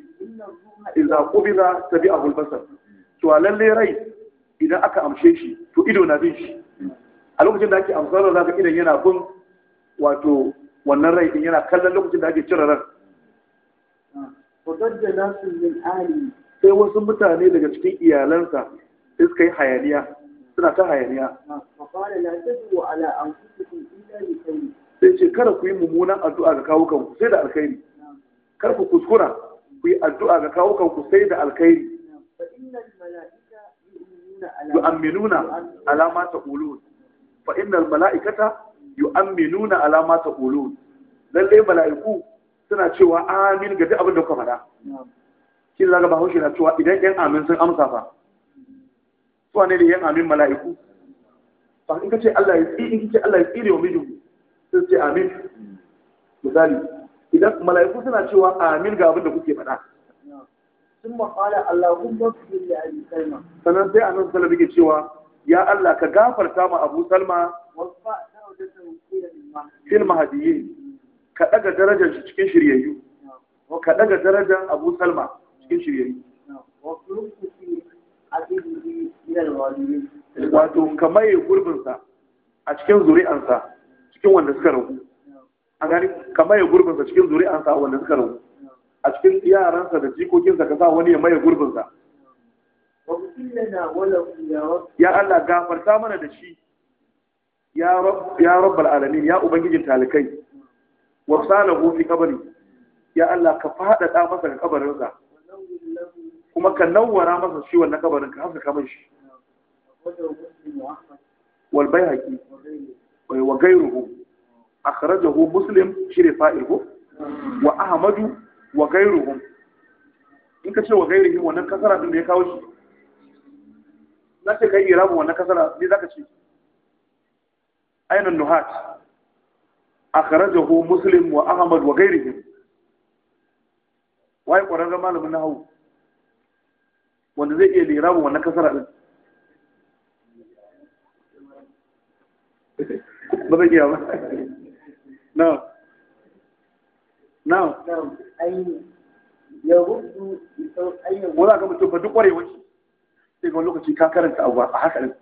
idza qubila tabi'ahu al to lalle rai idan aka amshe shi to ido na bin shi a lokacin da ake amsarar zaka idan yana bin wato wannan rai din yana kallon lokacin da ake cire ran da nasu min ali sai wasu mutane daga cikin iyalansa suka yi hayaniya suna ta hayaniya ah, sai ce kada ku yi mummunan addu'a ga kawo kanku sai da alkhairi kar ku kuskura ku yi addu'a ga kawo kanku sai da alkhairi yu'minuna alama ta ulun. fa innal mala'ikata yu'minuna ala ma taqulun Lallai mala'iku suna cewa amin ga duk abin da kuka faɗa kin zaga bahaushe na cewa idan yan amin sun amsa fa su ne da yan amin mala'iku ba in kace Allah ya tsire in kace Allah ya tsire wa mijinku sai ce amin misali idan mala'iku suna cewa amin ga abin da kuke faɗa sun maƙala Allahumma fi lillahi kalma sannan sai a nan salabi ke cewa ya Allah ka gafarta ma Abu Salma fil mahdiyin ka daga darajar shi cikin shiryayyu ko ka daga darajar Abu Salma cikin shiryayyu wato ka maye gurbinsa a cikin zuri'ansa cikin wanda suka rabu a gani ka maye gurbinsa cikin zuri'ansa wanda suka rabu a cikin yaransa da jikokinsa ka sa wani ya maye gurbinsa ya Allah gafarta mana da shi ya rabbal alamin ya ubangijin talikai wa salahu fi kabari ya Allah ka fadada masa ga kabarinsa kuma ka nawwara masa shi wannan kabarin ka haska kamar shi wal bayhaqi wa ghayruhu akhrajahu muslim shiri fa'ihu wa ahmadu wa ghayruhum in ka ce wa ghayruhum wannan kasara din da ya kawo shi za ta kai irabu wannan kasara ne za ka ce ainihin nuhat a kharajahu muslim wa ahmad wa gairihim waye ƙwararren malamin na hau wanda zai iya lirabin wannan kasara ɗin ba zai iya ba na na ainihin ya rufu wanda aka mutum ba duk ƙwarewar shi sai ga lokaci ka karanta abu a haka din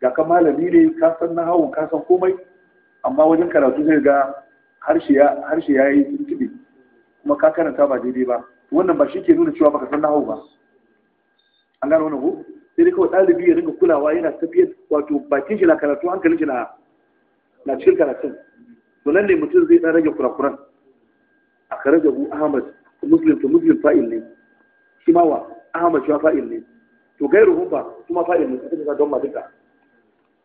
ga ka malami ne ka san na hawan ka san komai amma wajen karatu zai ga harshe ya yi tuntuɓe kuma ka karanta ba daidai ba wannan ba shi ke nuna cewa baka san na hawan ba an gano wannan ko sai dai kawai ɗalibi ya ringa kulawa yana tafiya. wato bakin shi na karatu hankalin shi na cikin karatun to nan ne mutum zai ɗan rage kurakuran a kare da bu ahmad muslim to muslim fa'il ne shi ma wa ahmad shi fa'il ne to gairu ba kuma fa'il ne suka ga don duka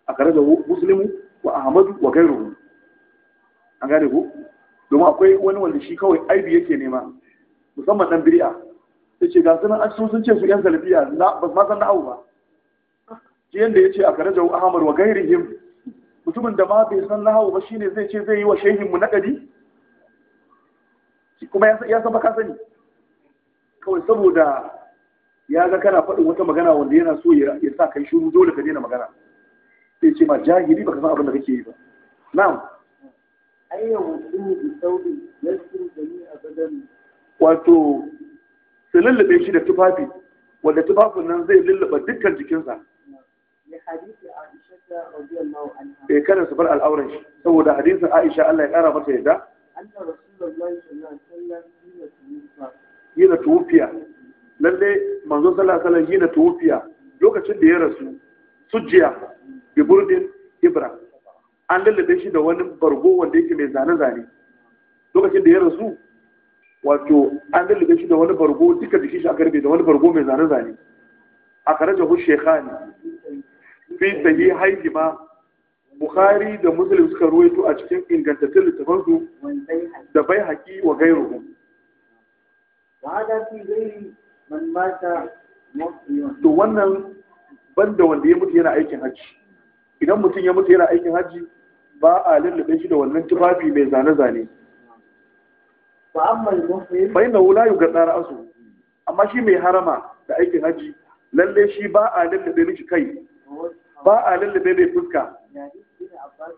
a kare da muslimu wa ahmadu wa gairu an gane ku domin akwai wani wanda shi kawai aibi yake nema musamman dan biri'a. sai ce ga sunan an sun ce su yan salafiya na ba ma san na'u ba shi yanda yace a kare da ahmad wa gairihim mutumin da ma bai san nahawu ba shine zai ce zai yi wa shehin mu nakadi kuma ya san ka sani kawai saboda ya ga kana faɗin wata magana wanda yana so ya sa kai shuru dole ka daina magana sai ce ma jahili baka san abin da kake yi ba na'am ayyau inni bi saudi yasir a gadon. wato sai lullube shi da tufafi wanda tufafin nan zai lullube dukkan jikinsa bai eh, kada su bar al'auran shi saboda hadisin Aisha Allah ya kara mata yadda anna rasulullahi sallallahu alaihi wasallam yana tuwfiya lalle manzo sallallahu alaihi wasallam tuwfiya lokacin da ya rasu sujiya bi burdin ibra an lallabe shi da wani bargo wanda yake mai zane zane lokacin da ya rasu wato an lallabe shi da wani bargo duka jikin shi a rufe da wani bargo mai zane zane a hu shekhani fi sahihai ma Bukhari da Muslim suka ruwaito a cikin ingantattun su da bai haƙi wa gairuhu. to wannan banda wanda ya mutu yana aikin hajji idan mutum ya mutu yana aikin hajji ba a lullube shi da wannan tufafi mai zane-zane bai na wula yi gaɗa ra'asu amma shi mai harama da aikin hajji lalle shi ba a lullube mishi kai ba a lullube mai fuska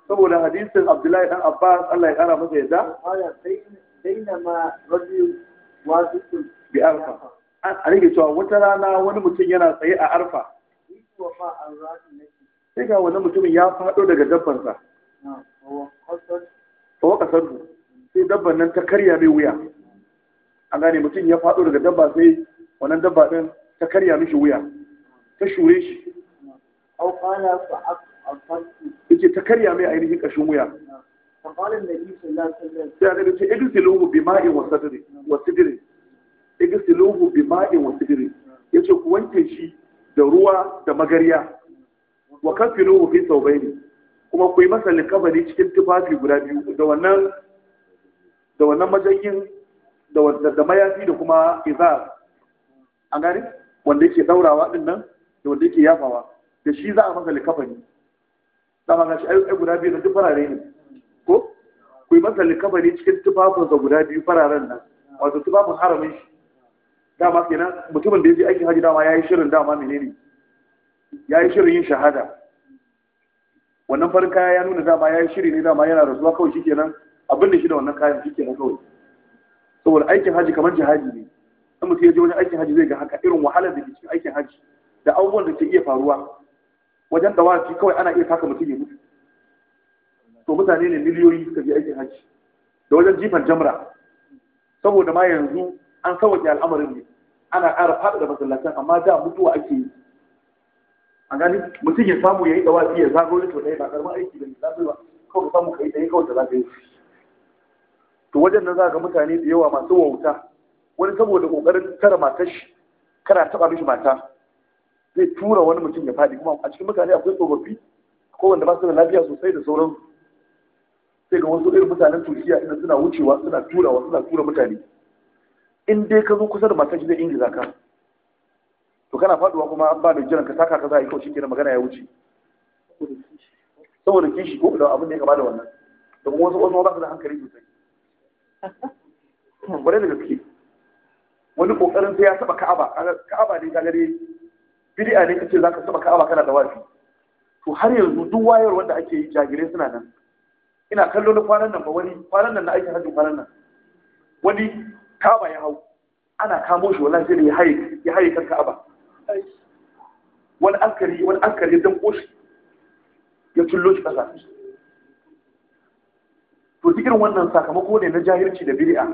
saboda hadisin abdullahi dan abbas allah ya kara masa yadda bi arfa a rage cewa wata rana wani mutum yana tsaye a arfa sai ga wani mutumin ya faɗo daga dabbansa fawa kasar sai dabban nan ta karya mai wuya A gane mutum ya faɗo daga dabba sai wannan dabba ɗin ta karya mishi wuya ta shure shi yake ta karya mai ainihin ƙashin wuya sai a ce igisilu bi ma'in wasu dire igsiluhu bi ma'in wa ya ce ku wanke shi da ruwa da magariya wa kafinuhu fi ne. kuma ku yi masa likabari cikin tufafi guda biyu da wannan da wannan majanyin da da mayafi da kuma izar an gani wanda yake daurawa din nan da wanda yake yafawa da shi za a masa likabari dama ga shi ai guda biyu na duk farare ne ko ku yi masa likabari cikin tufafin tufafinsa guda biyu fararen nan wato tufafin haramin shi dama kenan mutumin da ya je aikin haji dama ya yi shirin dama menene ya yi shirin yin shahada wannan farin kaya ya nuna dama ya yi shiri ne dama yana rasuwa kawai shi kenan abin da shi da wannan kayan shi kenan kawai saboda aikin haji kamar jihadi ne in mutum ya je wajen aikin haji zai ga haka irin wahalar da ke cikin aikin haji da abubuwan da ke iya faruwa wajen wani kawai ana iya taka mutum ya mutu to mutane ne miliyoyi suka je aikin haji da wajen jifan jamra saboda ma yanzu an sauke al'amarin ne ana ƙara da masallacin amma da mutuwa ake yi a gani mutum ya samu ya yi dawafi ya zago ya ɗaya ba ƙarfin aiki da ne zafi ba kawai ka samu ka yi ɗaya kawai da za ka yi to wajen nan za ga mutane da yawa masu wauta wani saboda ƙoƙarin tara matar shi kana taɓa mishi mata zai tura wani mutum ya faɗi kuma a cikin mutane akwai tsofaffi akwai wanda ba su da lafiya sosai da sauran sai ga wasu irin mutanen turkiya inda suna wucewa suna turawa suna tura mutane in dai ka zo kusa da matar zai ingiza ka to kana faduwa kuma an ba da jiran ka saka ka za a yi kawai kenan magana ya wuce saboda kishi ko da abin da ya gaba da wannan da kuma wasu wasu ba su da hankali sosai kwarai da gaske wani kokarin sai ya saba ka'aba ka'aba ne ka gare bid'a ne kace zaka saba ka'aba kana da wafi to har yanzu duk wayar wanda ake yi jagire suna nan ina kallo na kwanan nan ba wani kwanan nan na aikin hajji kwanan nan wani kaba ya hau ana kamo shi wallahi zai ya haye ya haye kan kaba wani ankari wani ankari ya danko shi ya tullo shi kasa to cikin wannan sakamako ne na jahilci da bid'a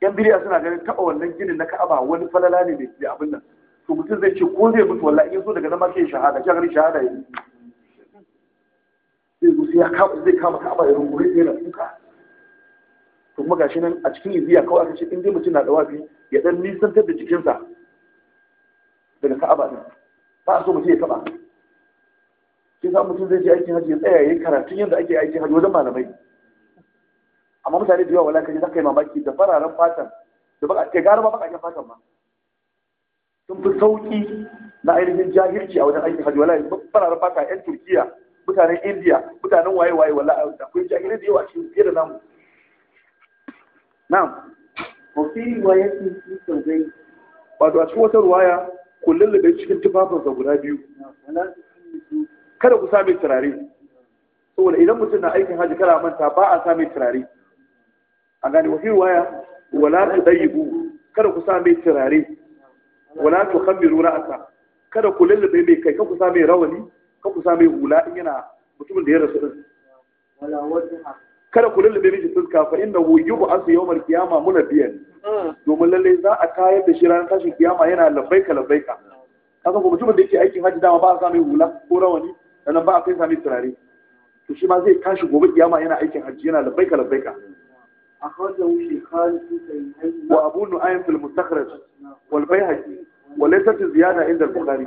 yan bid'a suna ganin taba wannan ginin na ka'aba wani falala ne da abin nan to mutum zai ce ko zai mutu wallahi in so daga nan ma sai shahada kaga ni shahada yi zai zo sai ya kama zai kama ka'aba ya rungume sai na kuka to kuma gashi nan a cikin iziya kawai aka ce in dai mutum na wafi ya dan nisantar da jikinsa daga ka'aba din ba a so mutum ya taba shi sa mutum zai je aikin hajji ya tsaya yayin karatun yadda ake aikin hajji wajen malamai amma mutane da yawa wala kaje zaka yi mamaki da fararen fatan da baka ka gara ma baka fatan ma sun fi sauki na ainihin jahilci a wajen aikin hajji wala fararen fata yan Turkiya mutanen Indiya, mutanen waye waye wala akwai jahilci da yawa cikin fiye da namu na'am wa fi riwayatin fi sawbai wato a cikin wata ruwaya ku lullube cikin tufafinsa guda biyu kada ku sami turare saboda idan mutum na aikin hajji kada manta ba a sami turare a gane wafi waya wala tu dayibu kada ku sami turare wala tu khammiru ra'asa kada ku lullube mai kai kada ku sami rawani kada ku sami hula in yana mutumin da ya rasu ɗin. wala wajha kada ku lullube miji fuska fa inna hu yub'asu yawmal qiyama munabiyan, hmm. domin lalle za a tayar da shi ranar tashin kiyama yana labbaika labbaika kasan ko mutum da yake aikin haji dama ba a sami hula ko rawani sannan ba a kai sami turare to shi ma zai tashi gobe kiyama yana aikin haji yana labbaika labbaika أخرجه شيخان وأبو نعيم في المستخرج ziyada inda al-bukhari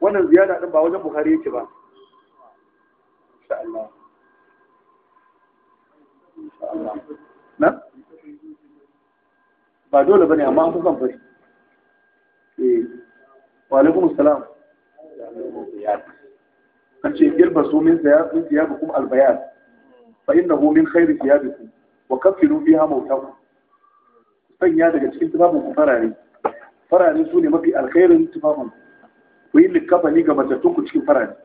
wannan ziyada din ba wajen bukhari yake ba insha Allah na ba dole ba ne, amma an fi fari eh wa alaikum salam an ce su min thiyabikum albayan fa innahu min khairi thiyabikum wa kaffiru biha ku. sanya daga cikin tufafin ku farare farare su ne mafi alkhairin tufafin ku yi likkafa ni ga matattun ku cikin farare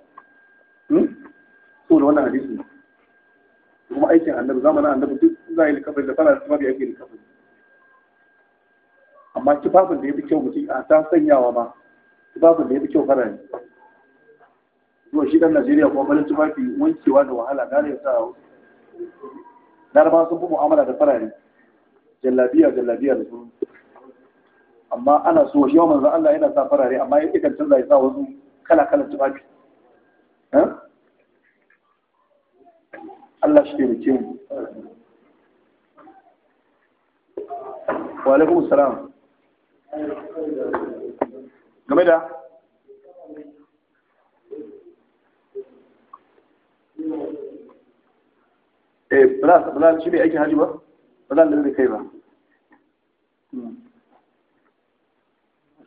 hmm? so da wannan hadisi ne kuma aikin annabi zamanin annabi duk za a yi likafin da fara tufafi ake likafin amma tufafin da ya fi kyau mutum a ta sanyawa ma tufafin da ya fi kyau fara ne zuwa shi dan najeriya kuma balin tufafi wankewa da wahala gane ya sa larabawa sun fi mu'amala da fara ne jallabiya jallabiya da sun amma ana so shi wa manzan Allah yana sa farare amma ya kan canza ya sa wasu kala-kalan tufafi eh? Allah shi taimake mu wa alaikum salam game da eh bala bala shi ne aikin haji ba bala da zai kai ba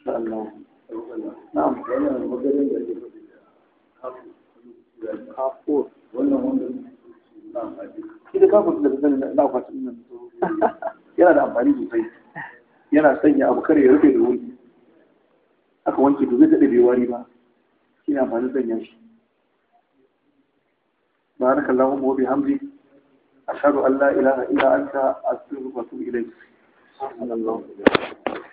Allah na'am wannan wannan Ita kafin da zan na kwatin nan yana da amfani sosai. Yana sanya abu kare ya rufe da wuri. Aka wanke to zai daɗe bai wari ba. Shi ne amfani sanya shi. بارك اللهم وبحمدك أشهد أن لا إله إلا أنت أستغفرك وأتوب إليك. سبحان